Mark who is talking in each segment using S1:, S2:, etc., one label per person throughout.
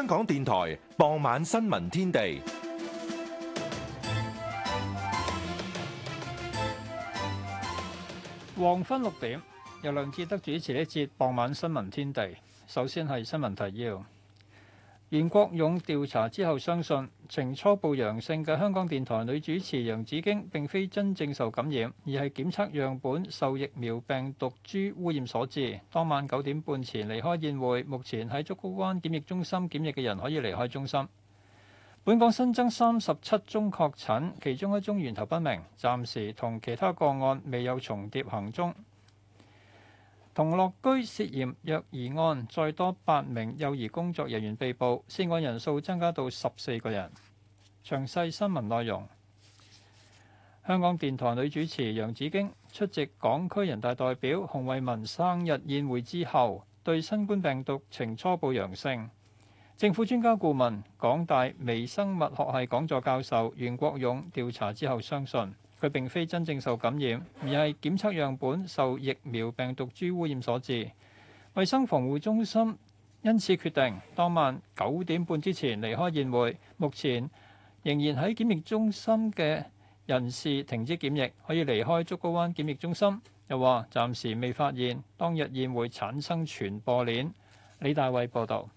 S1: 香港電台傍晚新聞天地，
S2: 黃昏六點，由梁志德主持呢一節傍晚新聞天地。首先係新聞提要。袁國勇調查之後，相信呈初步陽性嘅香港電台女主持楊子京並非真正受感染，而係檢測樣本受疫苗病毒株污染所致。當晚九點半前離開宴會，目前喺竹篙灣檢疫中心檢疫嘅人可以離開中心。本港新增三十七宗確診，其中一宗源頭不明，暫時同其他個案未有重疊行蹤。同樂居涉嫌虐兒案，再多八名幼兒工作人員被捕，涉案人數增加到十四個人。詳細新聞內容，香港電台女主持楊子京出席港區人大代表洪為民生日宴會之後，對新冠病毒呈初步陽性。政府專家顧問、港大微生物學系講座教授袁國勇調查之後，相信，佢並非真正受感染，而係檢測樣本受疫苗病毒株污染所致。衞生防護中心因此決定當晚九點半之前離開宴會。目前仍然喺檢疫中心嘅人士停止檢疫，可以離開竹篙灣檢疫中心。又話暫時未發現當日宴會產生傳
S1: 播鏈。李大偉報導。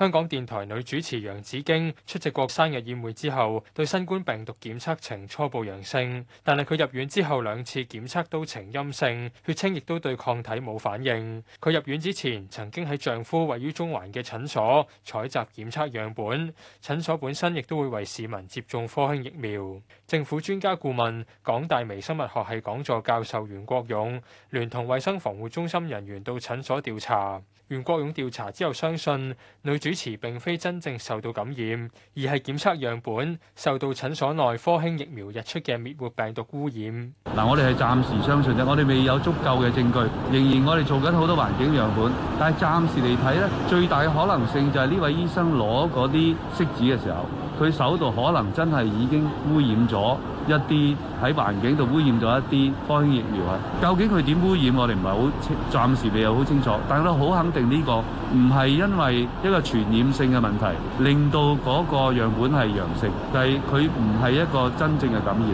S1: 香港電台女主持楊子京出席過生日宴會之後，對新冠病毒檢測呈初步陽性，但係佢入院之後兩次檢測都呈陰性，血清亦都對抗體冇反應，佢入院之前曾經喺丈夫位於中環嘅診所採集檢測樣本，診所本身亦都會為市民接種科興疫苗。政府專家顧問港大微生物學系講座教授袁國勇聯同衛生防護中心人員到診所調查。袁國勇調查之後相信女主。主持並非真正受到感染，而係檢測樣本受到診所內科興疫苗日出嘅滅活病毒污染。
S3: 嗱，我哋係暫時相信啫，我哋未有足夠嘅證據，仍然我哋做緊好多環境樣本，但係暫時嚟睇咧，最大嘅可能性就係呢位醫生攞嗰啲拭子嘅時候。佢手度可能真係已經污染咗一啲，喺環境度污染咗一啲科興疫苗啊！究竟佢點污染？我哋唔係好清，暫時未有好清楚。但係都好肯定呢個唔係因為一個傳染性嘅問題，令到嗰個
S1: 樣本係陽性，但係佢唔係一個真正嘅感染。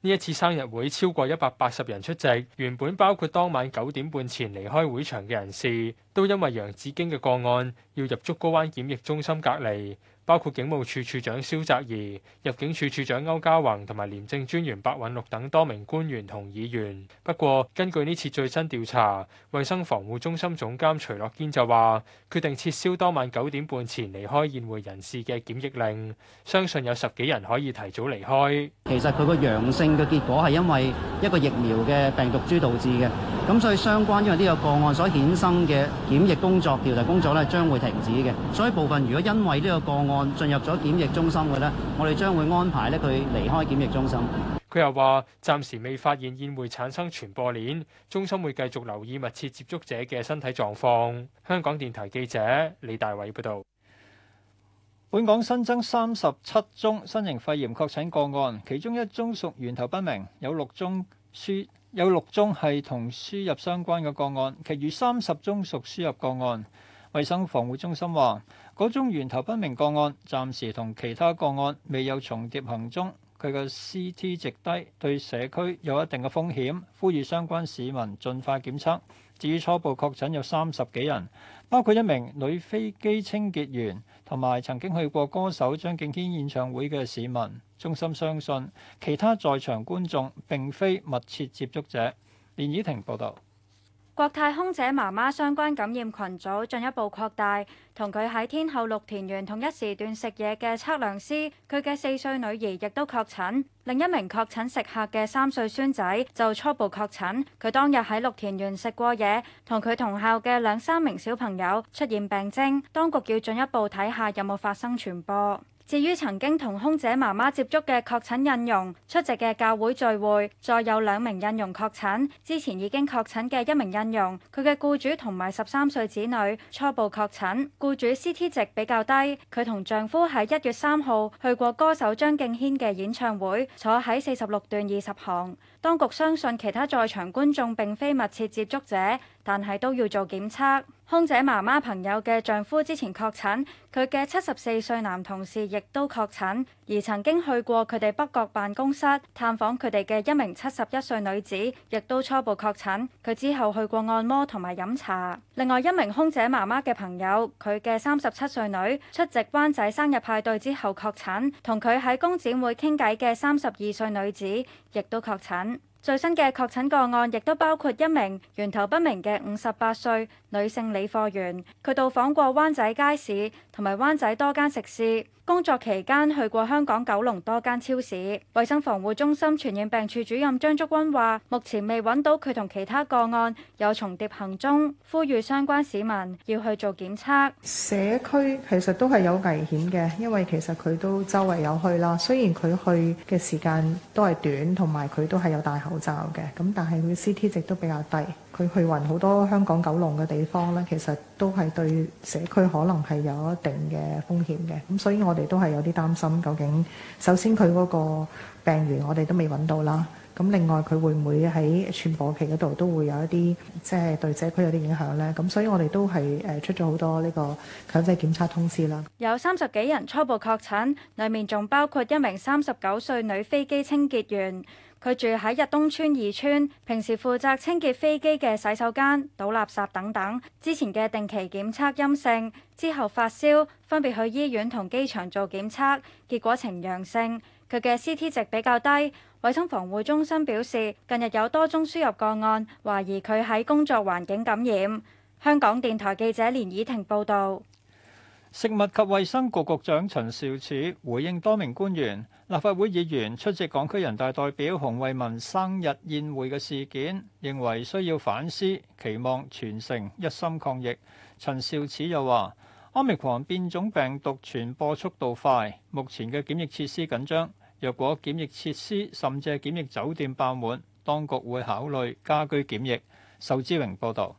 S1: 呢一次生日會超過一百八十人出席，原本包括當晚九點半前離開會場嘅人士，都因為楊子京嘅個案要入竹篙灣檢疫中心隔離。包括警務處處長蕭澤頤、入境處處長區嘉宏同埋廉政專員白韞六等多名官員同議員。不過，根據呢次最新調查，衛生防護中心總監徐樂堅就話，決定撤銷當晚九點半前離開宴會人士嘅檢疫令，相信有十幾人可以提早離開。
S4: 其實佢個陽性嘅結果係因為一個疫苗嘅病毒株導致嘅，咁所以相關因為呢個個案所衍生嘅檢疫工作、調查工作呢將會停止嘅，所以部分如果因為呢個個案，案進入咗檢疫中心嘅咧，我哋將會安排咧佢離開檢疫中心。佢又話暫時未
S1: 發現宴會產生傳播鏈，中心會繼續留意密切接觸者嘅身體狀況。香港電台記者李大偉報道。
S2: 本港新增三十七宗新型肺炎確診個案，其中一宗屬源頭不明，有六宗輸有六宗係同輸入相關嘅個案，其餘三十宗屬輸入個案。衛生防護中心話：嗰宗源頭不明個案暫時同其他個案未有重疊行蹤，佢嘅 CT 值低，對社區有一定嘅風險，呼籲相關市民盡快檢測。至於初步確診有三十幾人，包括一名女飛機清潔員同埋曾經去過歌手張敬軒演唱會嘅市民。中心相信其他在場觀眾並非密切接觸者。連以婷報導。
S5: 國泰空姐媽媽相關感染群組進一步擴大，同佢喺天后綠田園同一時段食嘢嘅測量師，佢嘅四歲女兒亦都確診。另一名確診食客嘅三歲孫仔就初步確診，佢當日喺綠田園食過嘢，同佢同校嘅兩三名小朋友出現病徵，當局要進一步睇下有冇發生傳播。至於曾經同空姐媽媽接觸嘅確診印傭出席嘅教會聚會，再有兩名印傭確診，之前已經確診嘅一名印傭，佢嘅雇主同埋十三歲子女初步確診，雇主 CT 值比較低，佢同丈夫喺一月三號去過歌手張敬軒嘅演唱會，坐喺四十六段二十行，當局相信其他在場觀眾並非密切接觸者。但係都要做檢測。空姐媽媽朋友嘅丈夫之前確診，佢嘅七十四歲男同事亦都確診，而曾經去過佢哋北角辦公室探訪佢哋嘅一名七十一歲女子亦都初步確診。佢之後去過按摩同埋飲茶。另外一名空姐媽媽嘅朋友，佢嘅三十七歲女出席灣仔生日派對之後確診，同佢喺工展會傾偈嘅三十二歲女子亦都確診。最新嘅確診個案亦都包括一名源頭不明嘅五十八歲。女性理貨員，佢到訪過灣仔街市同埋灣仔多間食肆，工作期間去過香港九龍多間超市。衛生防護中心傳染病處主任張竹君話：目前未揾到佢同其他個案有重疊行蹤，呼籲相關市民要去做檢測。
S6: 社區其實都係有危險嘅，因為其實佢都周圍有去啦。雖然佢去嘅時間都係短，同埋佢都係有戴口罩嘅，咁但係佢 CT 值都比較低。佢去揾好多香港九龍嘅地方咧，其實都係對社區可能係有一定嘅風險嘅，咁所以我哋都係有啲擔心。究竟首先佢嗰個病源我哋都未揾到啦，咁另外佢會唔會喺傳播期嗰度都會有一啲即係對社區有啲影響咧？咁所以我哋都係誒出咗好多呢個強制檢測通知啦。
S5: 有三十幾人初步確診，裡面仲包括一名三十九歲女飛機清潔員。佢住喺日東村二村，平時負責清潔飛機嘅洗手間、倒垃圾等等。之前嘅定期檢測陰性，之後發燒，分別去醫院同機場做檢測，結果呈陽性。佢嘅 CT 值比較低。衞生防護中心表示，近日有多宗輸入個案，懷疑佢喺工作環境感染。香港電台記者連以婷報導。
S2: 食物及衛生局局長陳肇始回應多名官員、立法會議員出席港區人大代表洪為民生日宴會嘅事件，認為需要反思，期望全城一心抗疫。陳肇始又話：Omicron 變種病毒傳播速度快，目前嘅檢疫設施緊張，若果檢疫設施甚至係檢疫酒店爆滿，當局會考慮家居檢疫。仇志榮報導。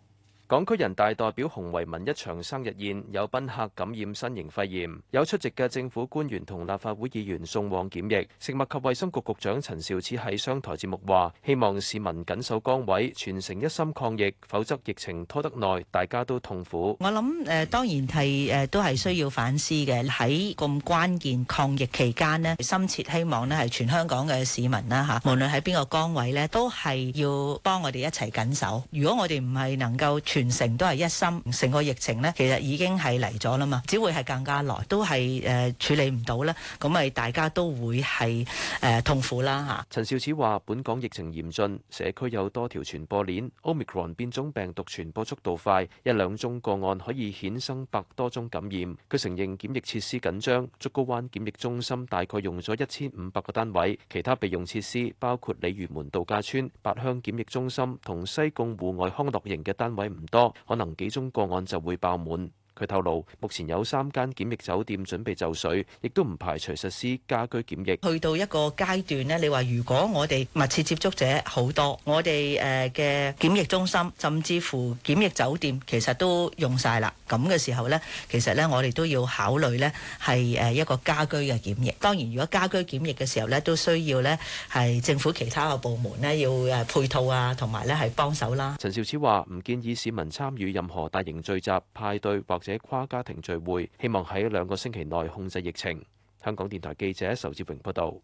S2: 港區人大代表洪
S3: 為民一場生日宴，有賓客感染新型肺炎，有出席嘅政府官員同立法會議員送往檢疫。食物及衛生局局長陳肇始喺商台節目話：希望市民緊守崗位，全城一心抗疫，否則疫情拖得耐，大家都痛
S2: 苦。
S6: 我諗誒當然係誒都係需要反思嘅，喺咁關鍵抗疫期間咧，深切希望咧係全香港嘅市民啦嚇，無論喺邊個崗位咧，都係要幫我哋一齊緊守。如果我哋唔係能夠，全城都係一心，成個疫情咧，其實已經係嚟咗啦嘛，只會係更加耐，都係誒處理唔到咧，咁咪大家都會係誒痛苦啦嚇。
S3: 陳肇始話：本港疫情嚴峻，社區有多條傳播鏈，Omicron 變種病毒傳播速度快，一兩宗個案可以衍生百多宗感染。佢承認檢疫設施緊張，竹篙灣檢疫中心大概用咗一千五百個單位，其他備用設施包括鯉魚門度假村、八鄉檢疫中心同西貢戶外康樂營嘅單位唔。多可能幾宗個案就會爆滿。佢透露，目前有三間檢疫酒店準備就緒，亦都唔排除實施家居檢疫。去
S6: 到一個階段咧，你話如果我哋密切接觸者好多，我哋誒嘅檢疫中心，甚至乎檢疫酒店，其實都用曬啦。咁嘅時候咧，其實咧我哋都要考慮咧係誒一個家居嘅檢疫。當然，如果家居檢疫嘅時候咧，都需要咧係政府其他嘅部門咧要誒配套啊，同埋咧係幫手啦。
S3: 陳肇始話：唔建議市民參與任何大型聚集派對或者跨家庭聚會，希望喺兩個星期內控制疫情。香港電台記者仇志榮報道。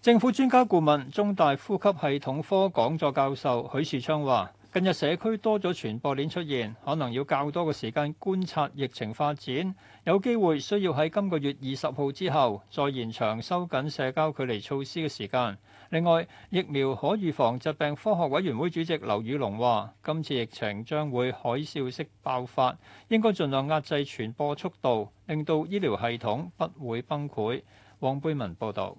S2: 政府專家顧問、中大呼吸系統科講座教授許樹昌話，近日社區多咗傳播鏈出現，可能要較多嘅時間觀察疫情發展，有機會需要喺今個月二十號之後再延長收緊社交距離措施嘅時間。另外，疫苗可預防疾病科學委員會主席劉宇龍話，今次疫情將會海嘯式爆發，應該盡量壓制傳播速度，令到醫療系統不會崩潰。黃貝文報導。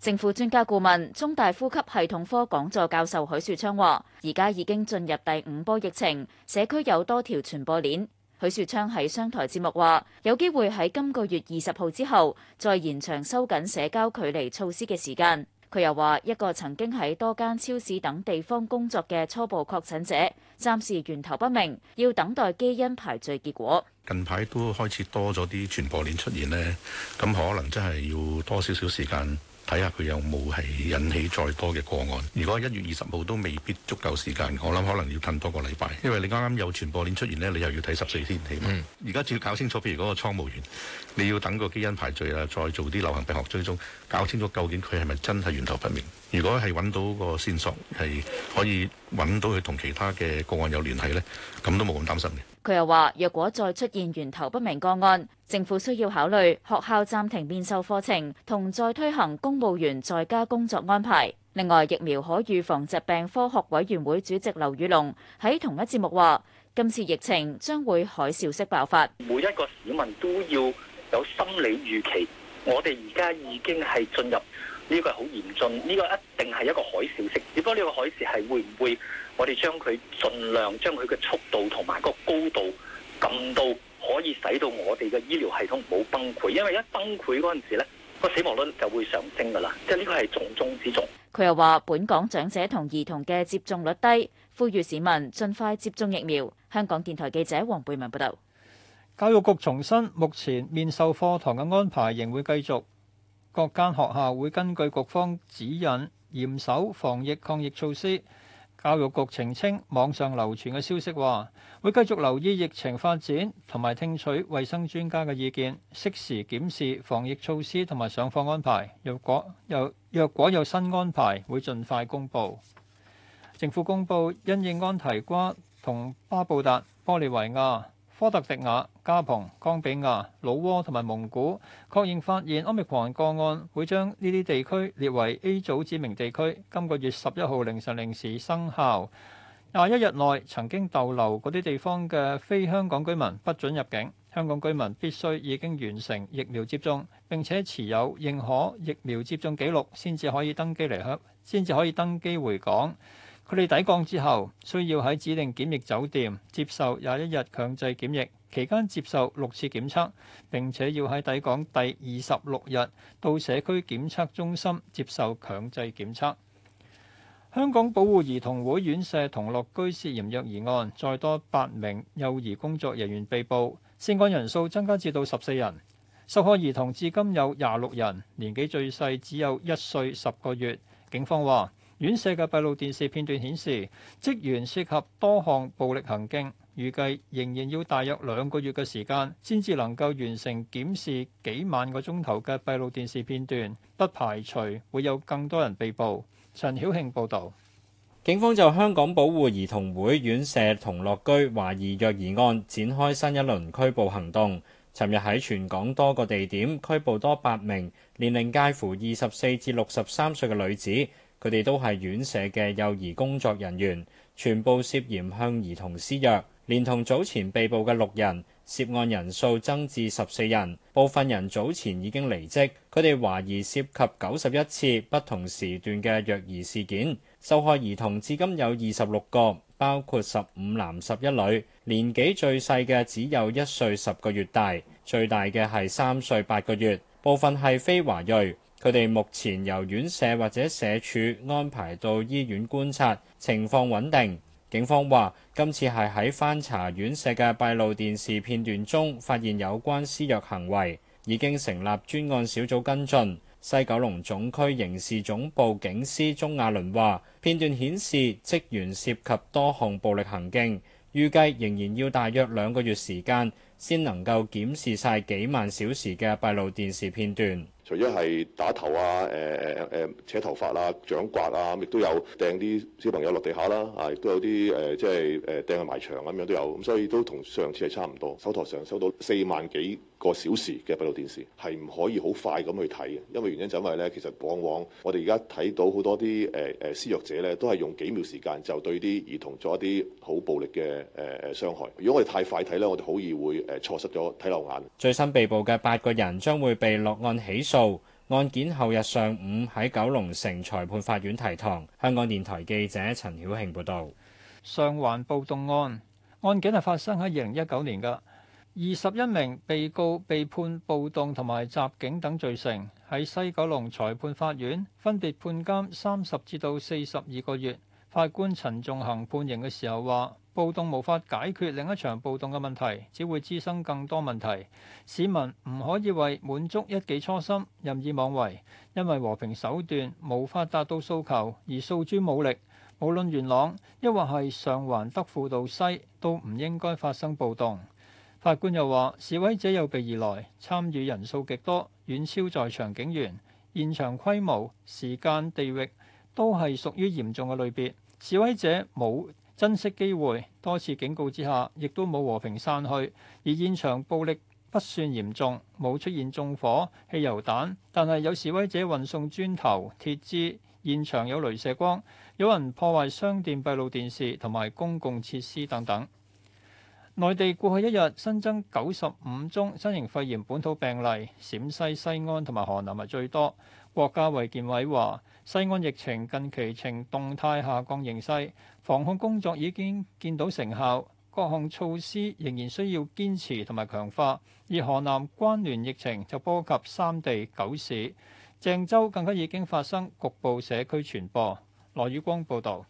S7: 政府專家顧問、中大呼吸系統科講座教授許樹昌話，而家已經進入第五波疫情，社區有多條傳播鏈。許樹昌喺商台節目話，有機會喺今個月二十號之後，再延長收緊社交距離措施嘅時間。佢又話：一個曾經喺多間超市等地方工作嘅初步確診者，暫時源頭不明，要等待基因排序結果。
S1: 近排都開始多咗啲傳播鏈出現呢，咁可能真係要多少少時間。睇下佢有冇係引起再多嘅個案。如果一月二十號都未必足夠時間，我諗可能要等多個禮拜，因為你啱啱有傳播鏈出現呢，你又要睇十四天起碼。而家、嗯、只要搞清楚，譬如嗰個倉務員，你要等個基因排序啊，再做啲流行病學追蹤，搞清楚究竟佢係咪真係源頭不明。如果係揾到個線索，係可以揾到佢同其他嘅個案有聯繫呢，咁都冇咁擔心嘅。
S7: 佢又話：若果再出現源頭不明個案，政府需要考慮學校暫停面授課程同再推行公務員在家工作安排。另外，疫苗可預防疾病科學委員會主席劉宇隆喺同一節目話：今次疫情將會海嘯式爆發，每一
S1: 個市民都要有心理預期。我哋而
S2: 家已經係進入呢個係好嚴峻，呢個一定係一個海嘯式。只不過呢個海嘯係會唔會我哋將佢盡量將佢嘅速度同埋個。俾到我哋嘅醫療系統唔好崩潰，因為一崩潰嗰陣時咧，
S1: 個死亡率就會上升噶啦，即係呢個係重中之重。
S7: 佢又話，本港長者同兒童嘅接種率低，呼籲市民盡快接種疫苗。香港電台記者黃貝文報道。
S2: 教育局重申，目前面授課堂嘅安排仍會繼續，各間學校會根據局方指引，嚴守防疫抗疫措施。教育局澄清網上流傳嘅消息，話會繼續留意疫情發展同埋聽取衛生專家嘅意見，適時檢視防疫措施同埋上課安排。若果有若果有新安排，會盡快公布。政府公布因應安提瓜同巴布達、玻利維亞、科特迪瓦、加蓬、剛比亞、老撾同埋蒙古確認發現奧密克戎個案，會將呢啲地區列為 A 組指明地區。今個月十一號凌晨零時生效，廿一日內曾經逗留嗰啲地方嘅非香港居民不准入境，香港居民必須已經完成疫苗接種並且持有認可疫苗接種記錄，先至可以登機離港，先至可以登機回港。佢哋抵港之後，需要喺指定檢疫酒店接受廿一日強制檢疫，期間接受六次檢測，並且要喺抵港第二十六日到社區檢測中心接受強制檢測。香港保護兒童會院舍童樂居涉嫌虐兒案，再多八名幼兒工作人員被捕，涉案人數增加至到十四人。受害兒童至今有廿六人，年紀最細只有一歲十個月。警方話：院舍嘅閉路電視片段顯示，職員涉及多項暴力行徑，預計仍然要大約兩個月嘅時間先至能夠完成檢視幾萬個鐘頭嘅閉路電視片段。不排除會有更多人被捕。陳曉慶報導。
S8: 警方就香港保護兒童會院舍同樂居懷疑虐兒案，展開新一輪拘捕行動。尋日喺全港多個地點拘捕多八名年齡介乎二十四至六十三歲嘅女子。佢哋都係院舍嘅幼兒工作人員，全部涉嫌向兒童施虐，連同早前被捕嘅六人，涉案人數增至十四人。部分人早前已經離職，佢哋懷疑涉及九十一次不同時段嘅虐兒事件，受害兒童至今有二十六個，包括十五男十一女，年紀最細嘅只有一歲十個月大，最大嘅係三歲八個月，部分係非華裔。佢哋目前由院舍或者社署安排到醫院觀察，情況穩定。警方話：今次係喺翻查院舍嘅閉路電視片段中，發現有關施虐行為，已經成立專案小組跟進。西九龍總區刑事總部警司鍾亞倫話：片段顯示職員涉及多項暴力行徑，預計仍然要大約兩個月時間先能夠檢視晒幾萬小時嘅閉路電視片段。
S6: 除咗
S3: 係打頭啊、誒誒誒扯頭髮啊、掌摑啊，亦都有掟啲小朋友落地下啦、啊，啊亦都有啲誒、呃、即係誒掟去埋牆咁樣都有，咁所以都同上次係差唔多。手頭上收到四萬幾個小時嘅閉路電視，係唔可以好快咁去睇嘅，因為原因就因為咧，其實往往我哋而家睇到好多啲誒誒施虐者咧，都係用幾秒時間就對啲兒童做一啲好暴力嘅誒誒傷害。如果我哋太快睇咧，我哋好
S8: 易會誒錯失咗睇漏眼。最新被捕嘅八個人將會被落案起訴。案件後日上午喺九龍城裁判法院提堂。香港電台記者陳曉慶報道，上環暴動案案件係發生喺二零一九年嘅。
S2: 二十一名被告被判暴動同埋襲警等罪成，喺西九龍裁判法院分別判監三十至到四十二個月。法官陳仲恒判刑嘅時候話。暴動無法解決另一場暴動嘅問題，只會滋生更多問題。市民唔可以為滿足一己初心任意妄為，因為和平手段無法達到訴求，而訴諸武力。無論元朗抑或係上環德輔道西，都唔應該發生暴動。法官又話：示威者有備而來，參與人數極多，遠超在場警員，現場規模、時間、地域都係屬於嚴重嘅類別。示威者冇珍惜機會，多次警告之下，亦都冇和平散去。而現場暴力不算嚴重，冇出現縱火、汽油彈，但係有示威者運送磚頭、鐵枝，現場有雷射光，有人破壞商店閉路電視同埋公共設施等等。內地過去一日新增九十五宗新型肺炎本土病例，陝西西安同埋河南係最多。國家衛健委話。西安疫情近期呈動態下降形勢，防控工作已經見到成效，各項措施仍然需要堅持同埋強化。而河南關聯疫情就波及三地九市，鄭州更加已經發生局部社區傳播。羅宇光報道。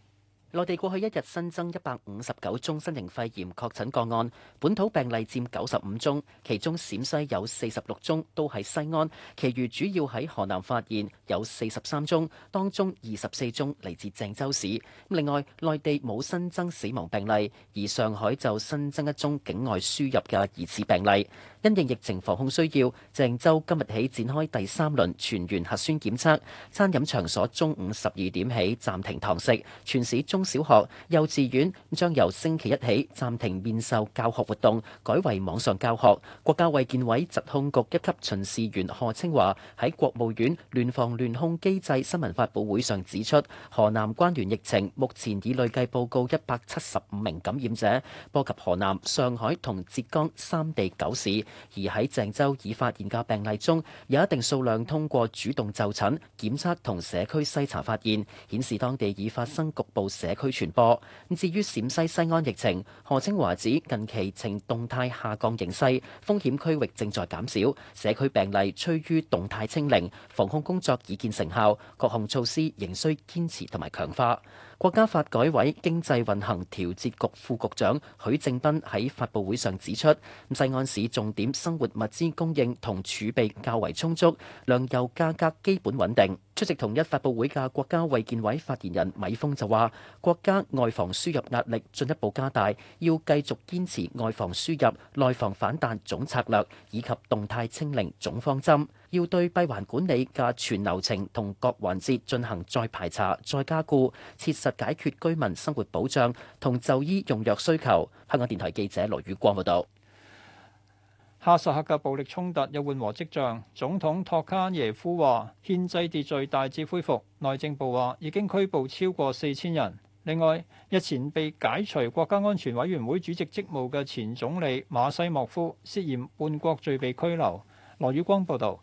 S4: 內地過去一日新增一百五十九宗新型肺炎確診個案，本土病例佔九十五宗，其中陝西有四十六宗都喺西安，其餘主要喺河南發現有四十三宗，當中二十四宗嚟自鄭州市。另外，內地冇新增死亡病例，而上海就新增一宗境外輸入嘅疑似病例。因應疫情防控需要，鄭州今日起展開第三輪全員核酸檢測，餐飲場所中午十二點起暫停堂食，全市中小學、幼稚園將由星期一起暫停面授教學活動，改為網上教學。國家衛健委疾控局一級巡視員賀青華喺國務院聯防聯控機制新聞發布會上指出，河南關聯疫情目前已累計報告一百七十五名感染者，波及河南、上海同浙江三地九市。而喺鄭州已發現嘅病例中，有一定數量通過主動就診、檢測同社區篩查發現，顯示當地已發生局部社社區傳播。至於陝西西安疫情，何清華指近期呈動態下降形勢，風險區域正在減少，社區病例趨於動態清零，防控工作已見成效，防控措施仍需堅持同埋強化。國家發改委經濟運行調節局副局長許正斌喺發佈會上指出，西安市重點生活物資供應同儲備較為充足，糧油價格基本穩定。出席同一發佈會嘅國家衛健委發言人米峰就話，國家外防輸入壓力進一步加大，要繼續堅持外防輸入、內防反彈總策略以及動態清零總方針。要對閉環管理嘅全流程同各環節進行再排查、再加固，切實解決居民生活保障同就醫用藥需求。香港電台記者羅宇光報道。哈薩克嘅暴力衝突有緩和跡象，總統托卡耶夫
S2: 話憲制秩序大致恢復。內政部話已經拘捕超過四千人。另外，日前被解除國家安全委員會主席職務嘅前總理馬西
S4: 莫夫涉嫌叛國罪被拘留。羅宇光報道。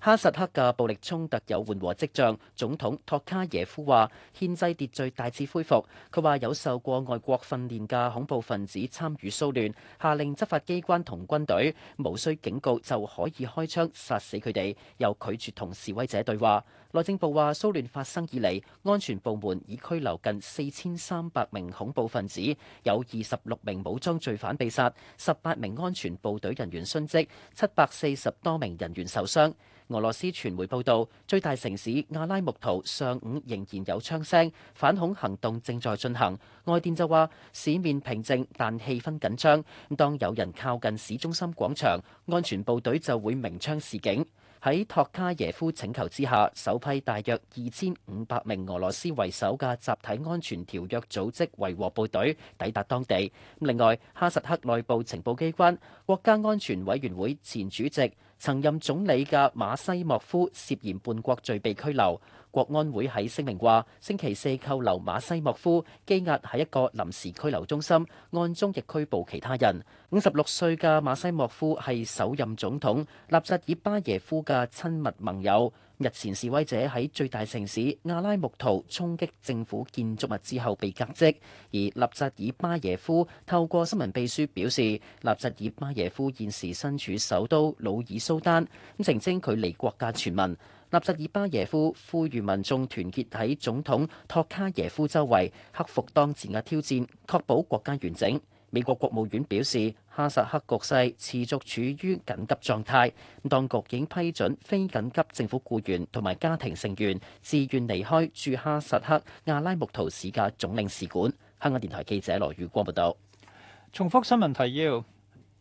S4: 哈薩克嘅暴力衝突有緩和跡象，總統托卡耶夫話：憲制秩序大致恢復。佢話有受過外國訓練嘅恐怖分子參與騷亂，下令執法機關同軍隊無需警告就可以開槍殺死佢哋，又拒絕同示威者對話。內政部話：騷亂發生以嚟，安全部門已拘留近四千三百名恐怖分子，有二十六名武裝罪犯被殺，十八名安全部隊人員殉職，七百四十多名人員受傷。俄羅斯傳媒報導，最大城市阿拉木圖上午仍然有槍聲，反恐行動正在進行。外電就話市面平靜，但氣氛緊張。咁當有人靠近市中心廣場，安全部隊就會鳴槍示警。喺托卡耶夫請求之下，首批大約二千五百名俄羅斯為首嘅集體安全條約組織維和部隊抵達當地。另外，哈薩克內部情報機關國家安全委員會前主席，曾任總理嘅馬西莫夫涉嫌叛國罪被拘留，國安會喺聲明話：星期四扣留馬西莫夫，羈押喺一個臨時拘留中心，案中亦拘捕其他人。五十六歲嘅馬西莫夫係首任總統納扎爾巴耶夫嘅親密盟友。日前示威者喺最大城市阿拉木圖衝擊政府建築物之後被革職，而納扎爾巴耶夫透過新聞秘書表示，納扎爾巴耶夫現時身處首都努爾蘇丹，咁澄清佢離國家傳聞。納扎爾巴耶夫呼籲民眾團結喺總統托卡耶夫周圍，克服當前嘅挑戰，確保國家完整。美國國務院表示，哈薩克局勢持續處於緊急狀態，當局已經批准非緊急政府雇員同埋家庭成員，自願離開駐哈薩克阿拉木圖市嘅總領事館。香港電台記者羅宇光報道：「重複新聞提要，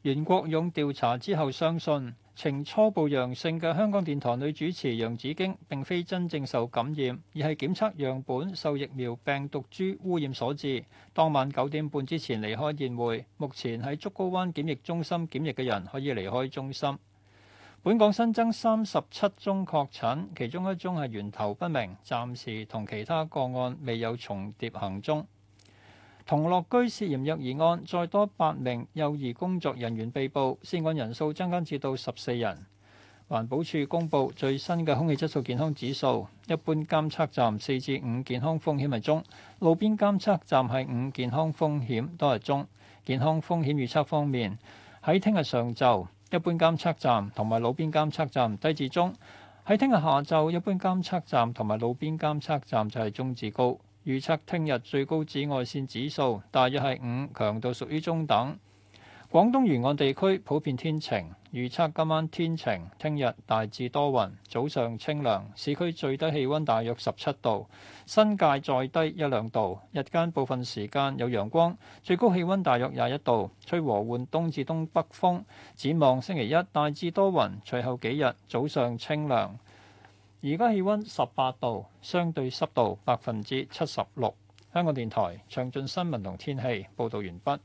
S2: 袁國勇調查之後相信，呈初步陽性嘅香港電台女主持楊子京並非真正受感染，而係檢測樣本受疫苗病毒株污染所致。當晚九點半之前離開宴會，目前喺竹篙灣檢疫中心檢疫嘅人可以離開中心。本港新增三十七宗確診，其中一宗係源頭不明，暫時同其他個案未有重疊行蹤。同樂居涉嫌虐兒案，再多八名幼兒工作人員被捕，涉案人數增加至到十四人。環保署公布最新嘅空氣質素健康指數，一般監測站四至五健康風險係中，路邊監測站係五健康風險，都係中。健康風險預測方面，喺聽日上晝，一般監測站同埋路邊監測站低至中；喺聽日下晝，一般監測站同埋路邊監測站就係中至高。預測聽日最高紫外線指數大約係五，強度屬於中等。廣東沿岸地區普遍天晴，預測今晚天晴，聽日大致多雲，早上清涼。市區最低氣温大約十七度，新界再低一兩度，日間部分時間有陽光，最高氣温大約廿一度，吹和緩東至東北風。展望星期一大致多雲，隨後幾日早上清涼。而家氣溫十八度，相對濕度百分之七十六。香港電台詳盡新聞同天氣報道完畢。